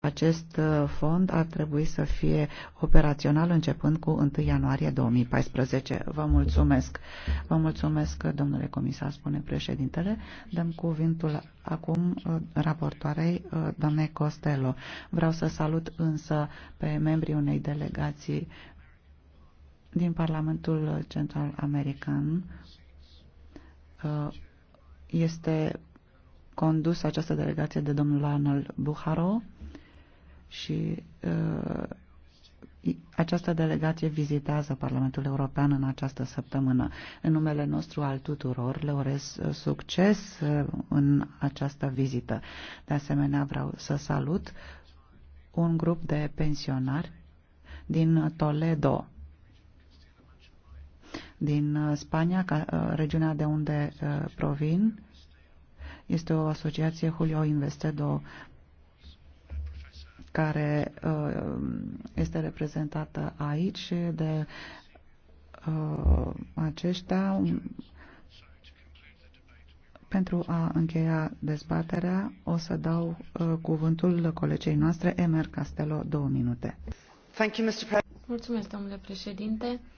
Acest uh, fond ar trebui să fie operațional începând cu 1 ianuarie 2014. Vă mulțumesc. Vă mulțumesc, domnule comisar, spune președintele. Dăm cuvântul acum uh, raportoarei, uh, doamne Costello. Vreau să salut însă pe membrii unei delegații din Parlamentul Central American. Este condusă această delegație de domnul Arnold Buharo și uh, această delegație vizitează Parlamentul European în această săptămână. În numele nostru al tuturor le urez uh, succes uh, în această vizită. De asemenea, vreau să salut un grup de pensionari din Toledo, din Spania, ca, regiunea de unde provin. Este o asociație Julio Investedo care uh, este reprezentată aici de uh, aceștia um, pentru a încheia dezbaterea, o să dau uh, cuvântul colegei noastre, Emer Castelo, două minute. Thank you, Mr. Mulțumesc, domnule președinte.